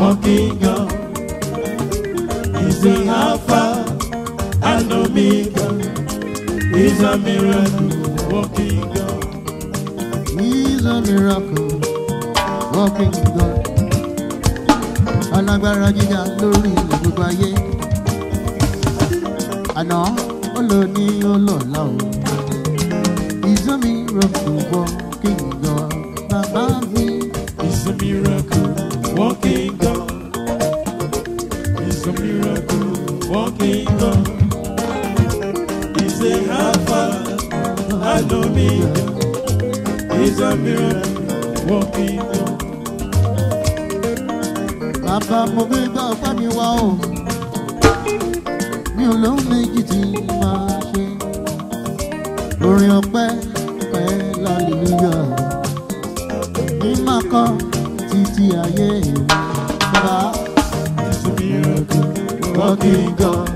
Working God is the Alpha and Omega. is a miracle Walking God. He's a miracle Walking God. Alágbára gíga lórí ilẹ̀ gbogbo ayé. Àná olóní olóòlá o. He's a miracle working God. Bàbá mi. He's a miracle working God. He's a miracle working God. He's a Alpha and Omega. He's a miracle working God. Bàbá mo bí bá ọ̀pá mi wá o, mi ò lóun méjì tí máa ṣe. Orin ọpẹ́ pẹ́ lálẹ́ níyà, mi máa kọ́ títí ayé. Walking God.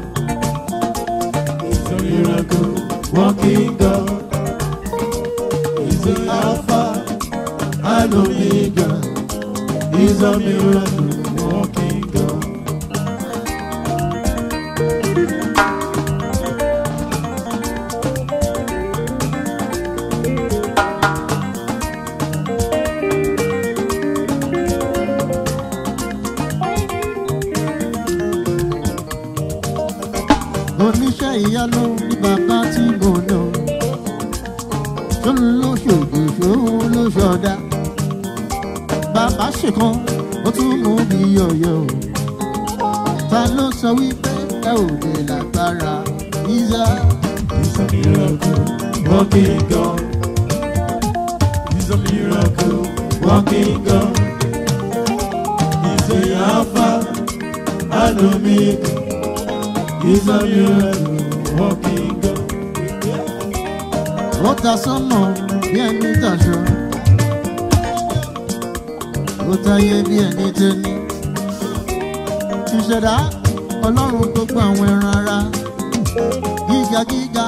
It's a miracle. Walking God. It's the Alpha and Omega. It's a miracle. miracle working God. He's a miracle working God. He's the Alpha and Omega. a miracle working God. Ó ta sọ́mọ bí ẹni tàṣọ. Ó táyé bí ẹni tẹ́ni. Ìṣẹ̀dá ọlọ́run gbogbo àwọn ẹran ara. Gíga gíga.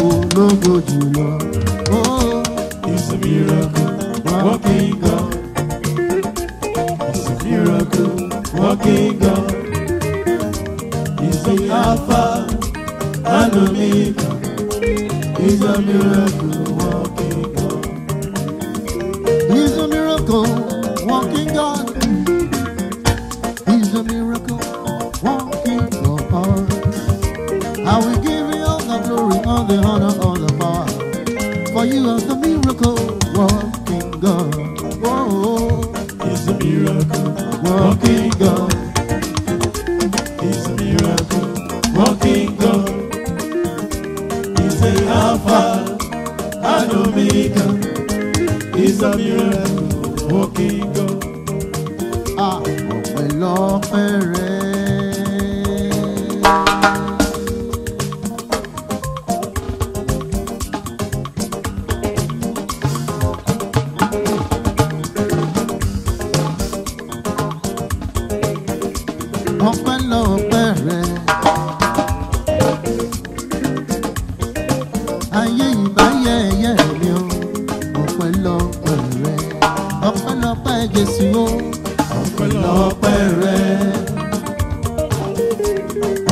ológo jùlọ. Oh, it's a miracle walking God. It's a miracle walking God. He's the Alpha and Omega. He's a miracle walking God. He's a miracle walking God. He's a miracle walking God. I will glory, all the honor, all the power. For you are the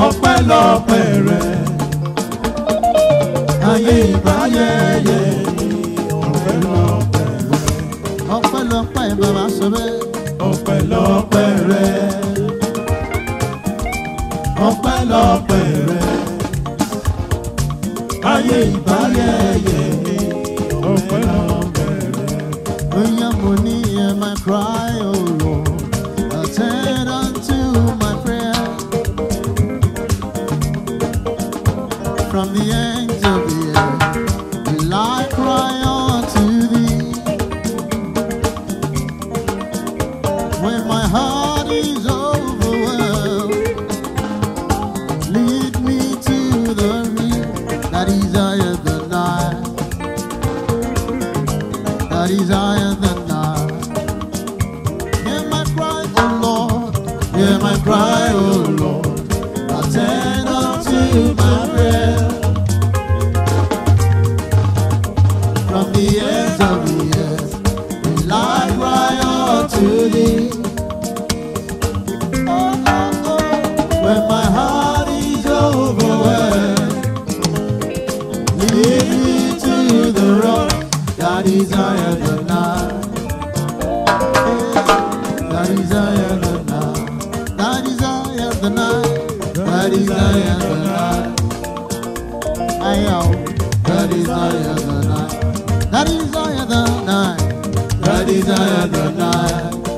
ọpẹ́lọpẹ́ rẹ̀ ayé ìbáyẹyẹ ọpẹ́lọpẹ́ rẹ̀ ọpẹ́lọpẹ́ bàbá sọ bẹ́ẹ̀ ọpẹ́lọpẹ́ rẹ̀ ọpẹ́lọpẹ́ rẹ̀ ayé ìbáyẹyẹ ọpẹ́lọpẹ́ rẹ̀ oyin mo ní ẹ máa cry o. Oh. Hear my cry, O oh Lord. Attend unto my prayer. From the ends of the earth, we lie cry to thee. When my heart is overwhelmed, lead me to the rock that is higher desire the night. I am the desire the night. The desire the night. The desire the night.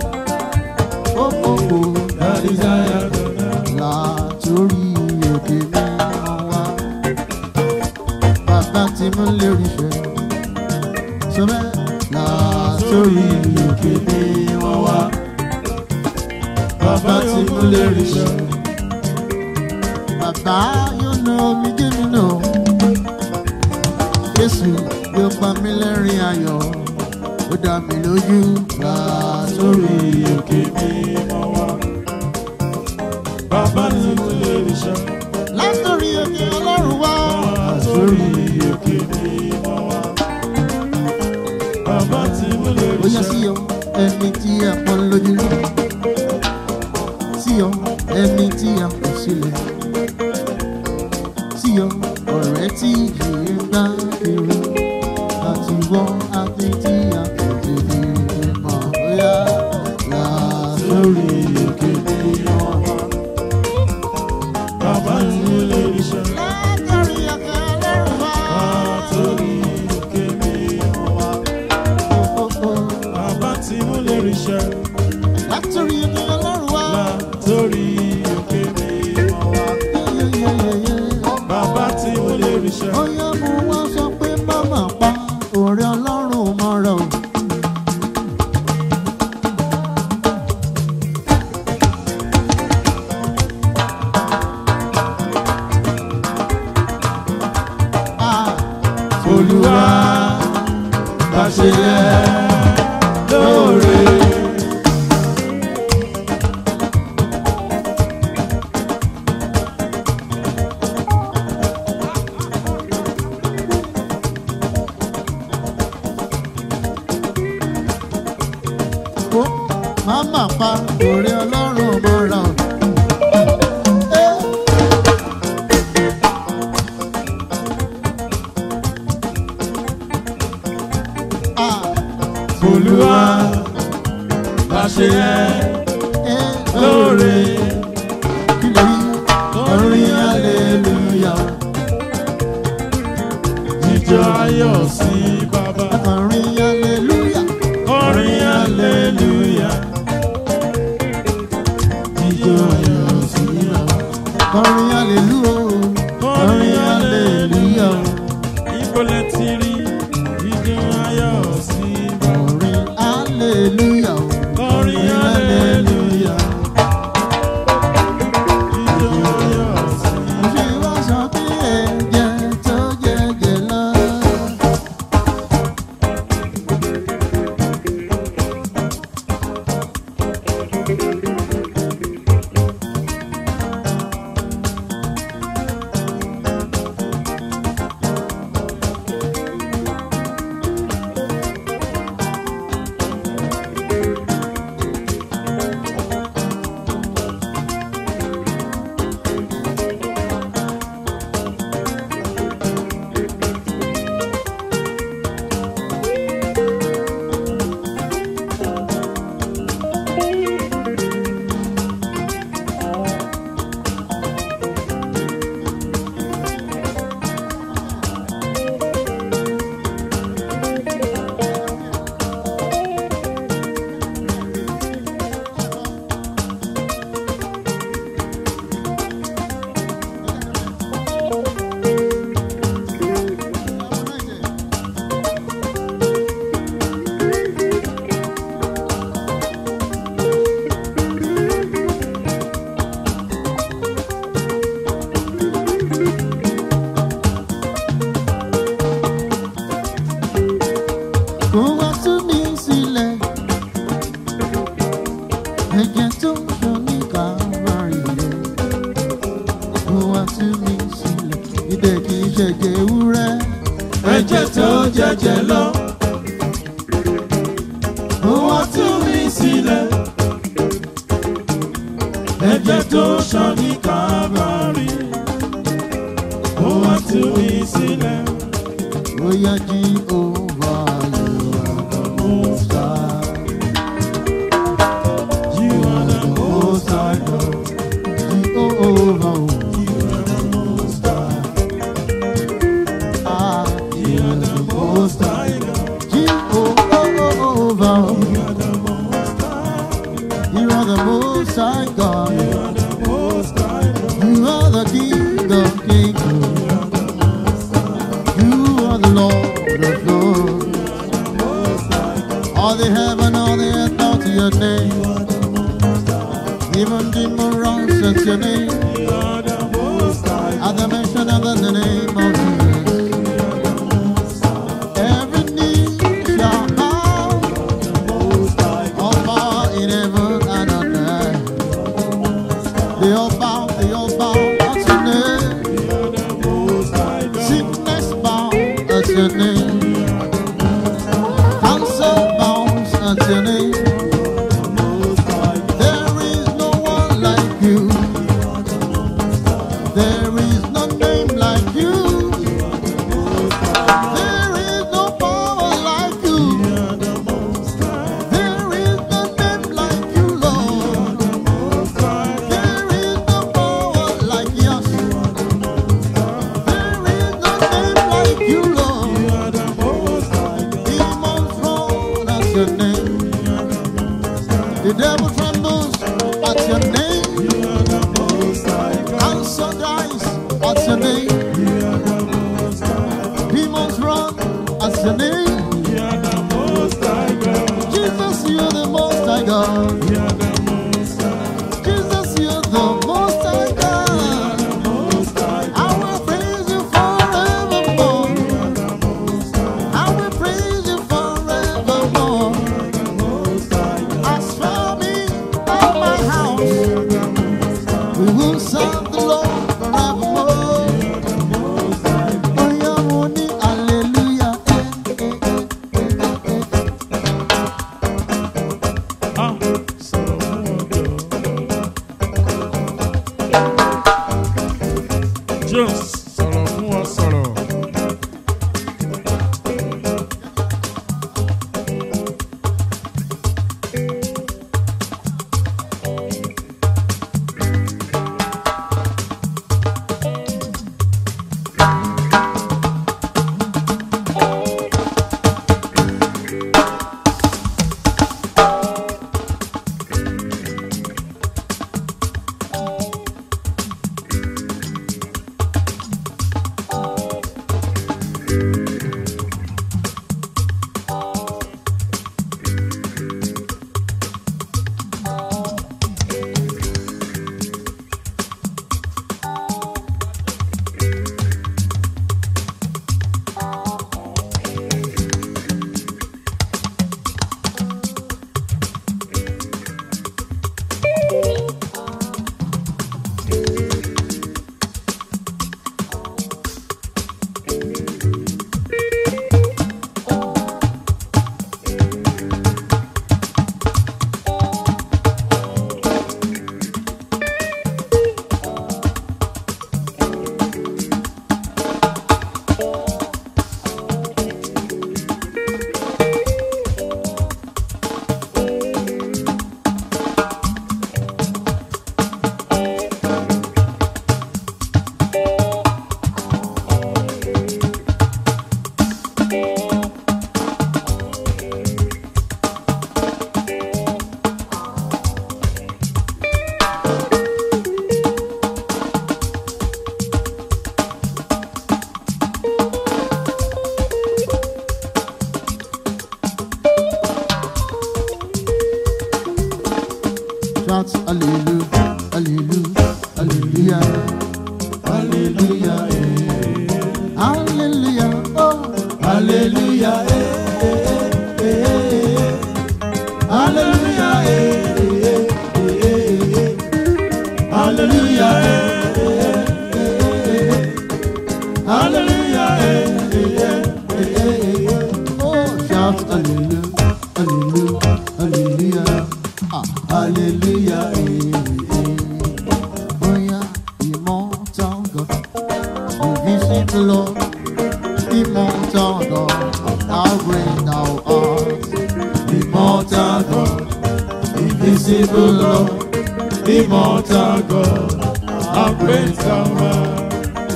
Oh, oh, oh. The desire the night. La torí òkè mi mú wá. Bàbá tí mo lè Now you know me, give me no. Jésù yóò pa mí lẹ́rìn ayọ̀, ó dá mi lójú. Là sórí òkè mímọ́ wá, bàbá ni mo lè rí ṣe. Látòrí òkè Ọlọ́run wá. Là sórí òkè mímọ́ wá, bàbá tí mo lè rí ṣe. Ó sí ọ, ẹni tí a pọ́n lójú. Sí ọ, ẹni tí a kò sílẹ̀ yọ ọ̀rẹ́ tí yìí gbá kiri àti wọ akéjì akéjì ní ìmọ̀ bóyá ọ̀la lórí ìkéde ọmọ. bàbá ìlú lè Olúwa bá ṣe ẹ́ lóore orin hallelujah jíjọ ayọ̀ sí i. of God. You are the King of kings. You are the Lord of lords. All the heaven, all the earth, knows your name. Even demons, that's your name.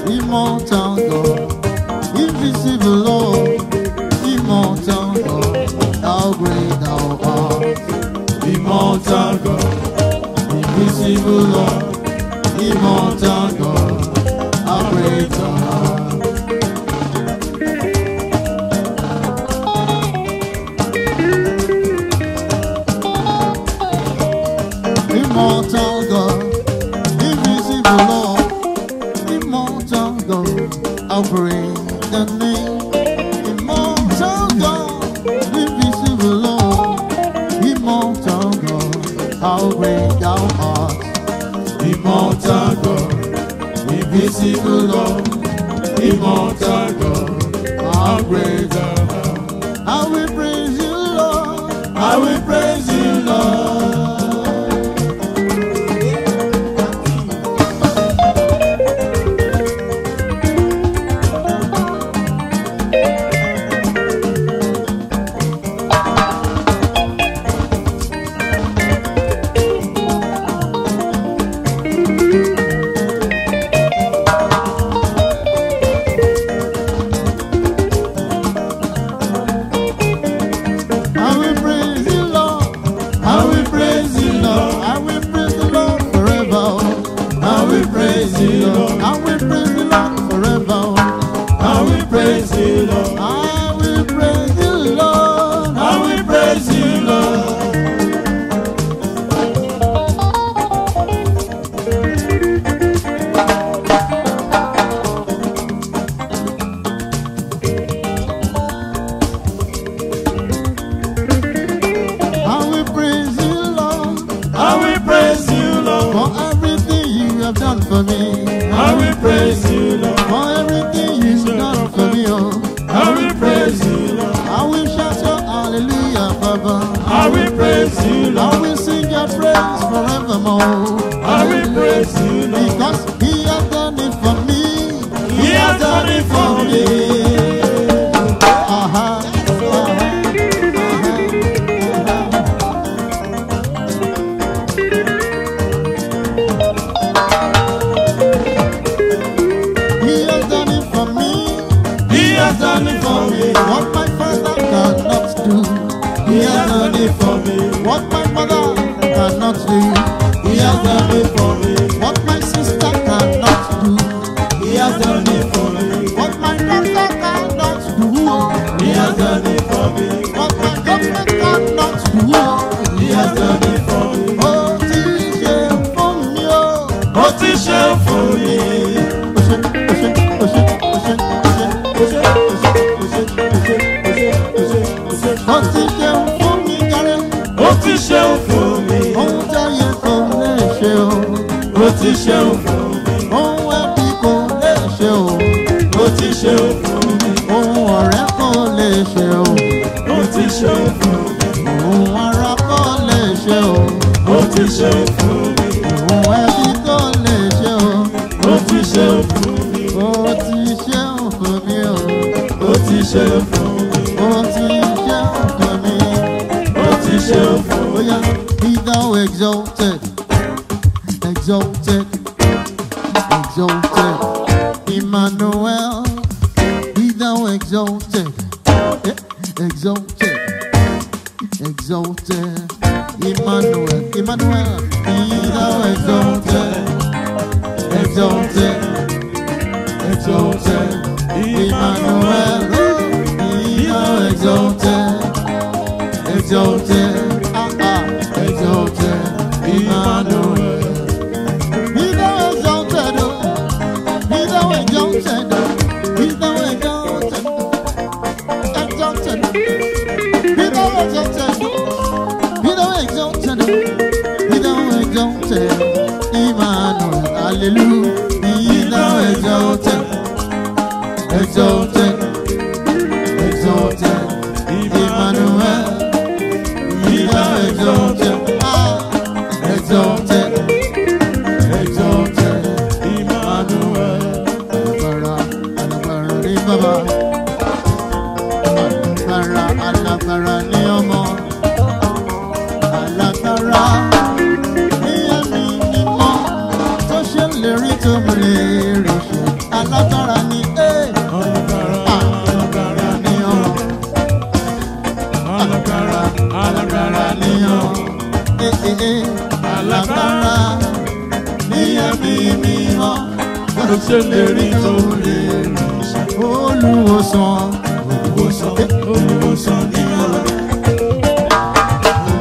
immortal God, invisible Lord, immortal God, how great thou art, immortal God, invisible Lord, immortal God, how great se for me. I will praise you, Lord. For everything you've done for me, oh. I will praise you, Lord. I will shout your hallelujah, Baba. I will praise you, Lord. I will sing your praise forevermore. I will praise you, Lord. Because he has done it for me. He has done it for me. ti ṣe o fún mi. Ohun wá bí kò lè ṣe o. Ó ti ṣe o fún ọ̀rẹ́ kò lè ṣe o. Ó ti ṣe o fún ará kò lè ṣe o. Ó ti ṣe o fún mi. exalted, exalted. Emmanuel, Emmanuel, be thou exalted, exalted, exalted. Emmanuel, be thou exalted, exalted, ah, ah. exalted. hallelujah iyì náà exalted exalted exalted Emmanuel iyì náà exalted ah exalted exalted Emmanuel alágbára alágbára ní bàbá alágbára alágbára ní ọmọ. kò ṣe lè rí tó lè ránṣẹ́. olùwòsàn olùwòsàn olùwòsàn ní ọ̀la.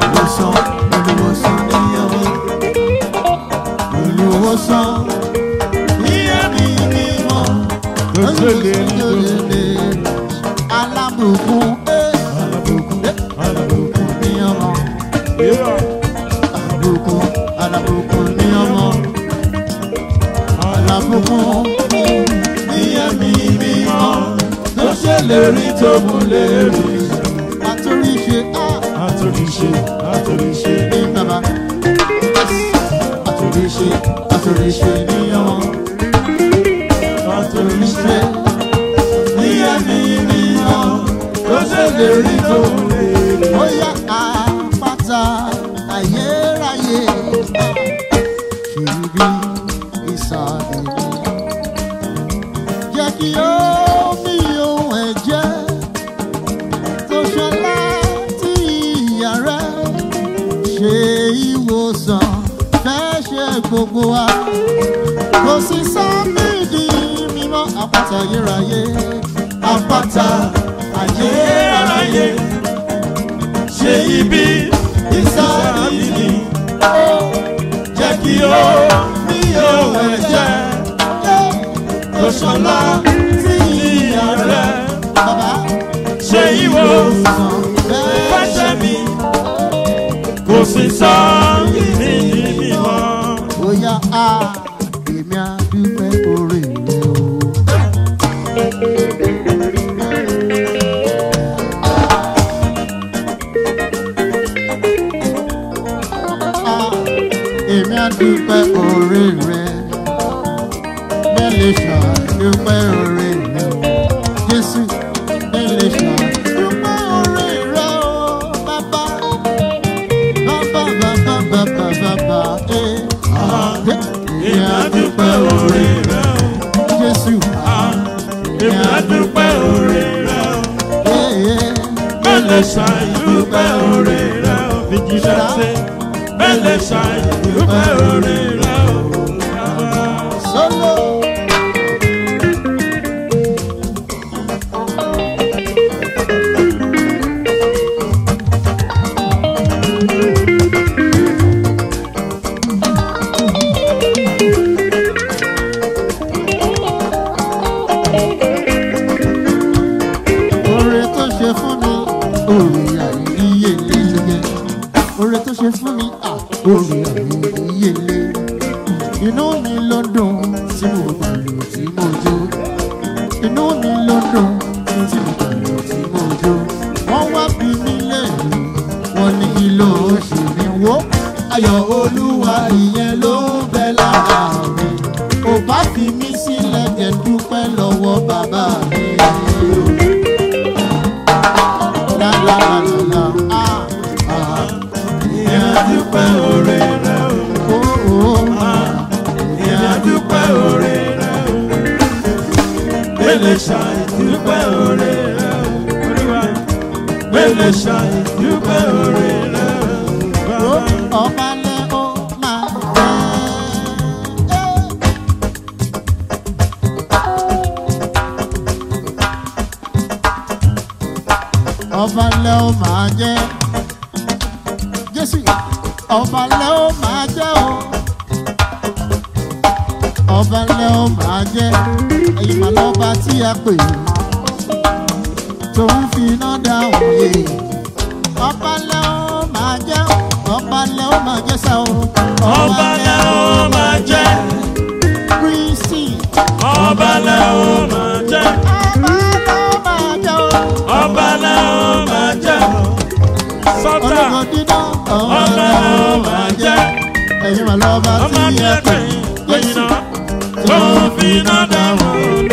olùwòsàn olùwòsàn ní ọ̀la. olùwòsàn ní ẹ̀mí mímọ́. kò ṣe lè rí tó lè ránṣẹ́. alábùkún eh, alábùkún eh, alábùkún ní ọ̀la. mú ìyẹn mi mímọ́ ló ṣe lè rí tó mú lè rí. àtúnṣe àtúnṣe àtúnṣe ní bàbá àtúnṣe àtúnṣe ní ọmọ àtúnṣe ìyẹn mi mímọ́ ló ṣe lè rí ṣọlá sí ìyá rẹ̀ ṣe ìwò fẹsẹ̀ mi kò sì sọ ní ìbí wọn. bóyá a èmi á dúpẹ́ orí rẹ Ẹlẹ́ṣà ìdúpẹ́ oore rẹ̀ ò fìjìlá ṣe. Ẹlẹ́ṣà ìdúpẹ́ oore rẹ̀. lè ṣàìdúpẹ́ orí rẹ̀ gbà máa. ọba lẹ ó máa tẹ. ọba lẹ ó máa jẹ Jésù ọba lẹ ó o ọba lẹ ó máa jẹ èyí màá sọ́tà ọba ọba jẹ́ ọmọ mi ẹ̀pẹ̀ yẹn náà tó fi náà dáhùn.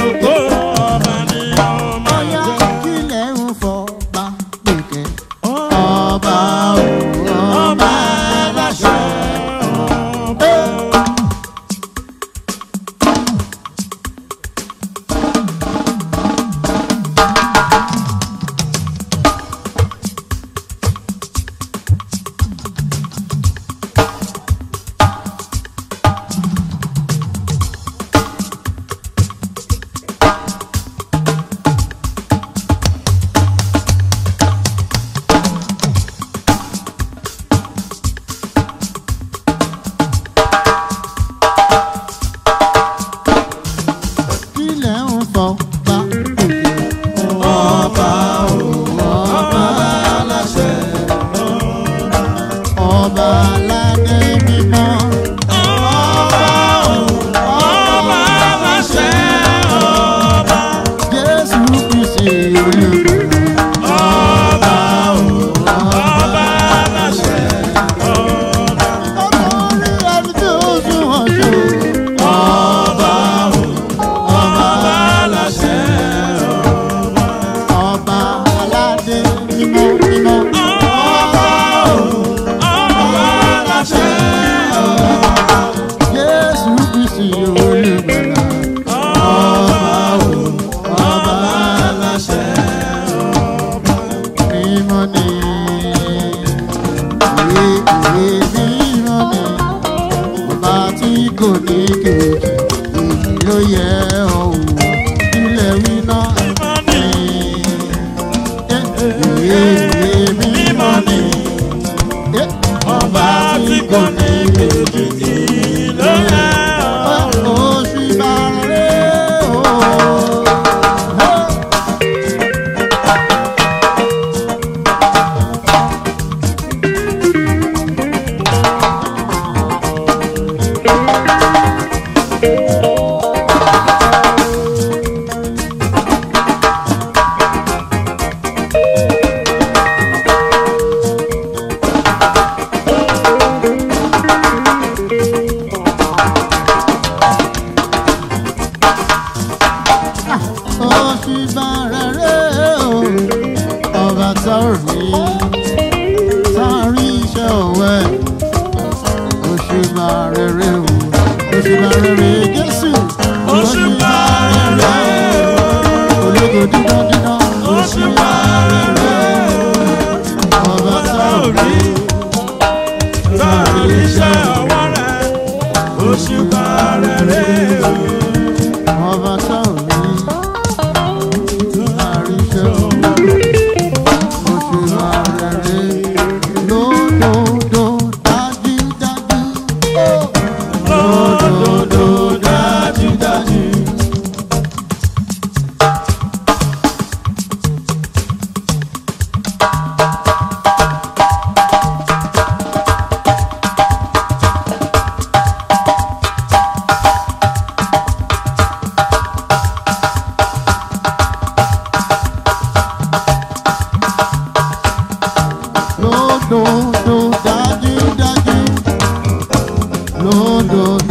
London.